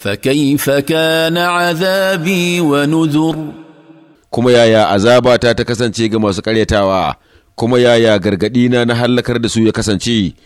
فكيف كان عذابي ونذر kuma yaya azabata ta kasance ga masu ƙaryatawa kuma yaya gargaɗina na hallakar da su ya kasance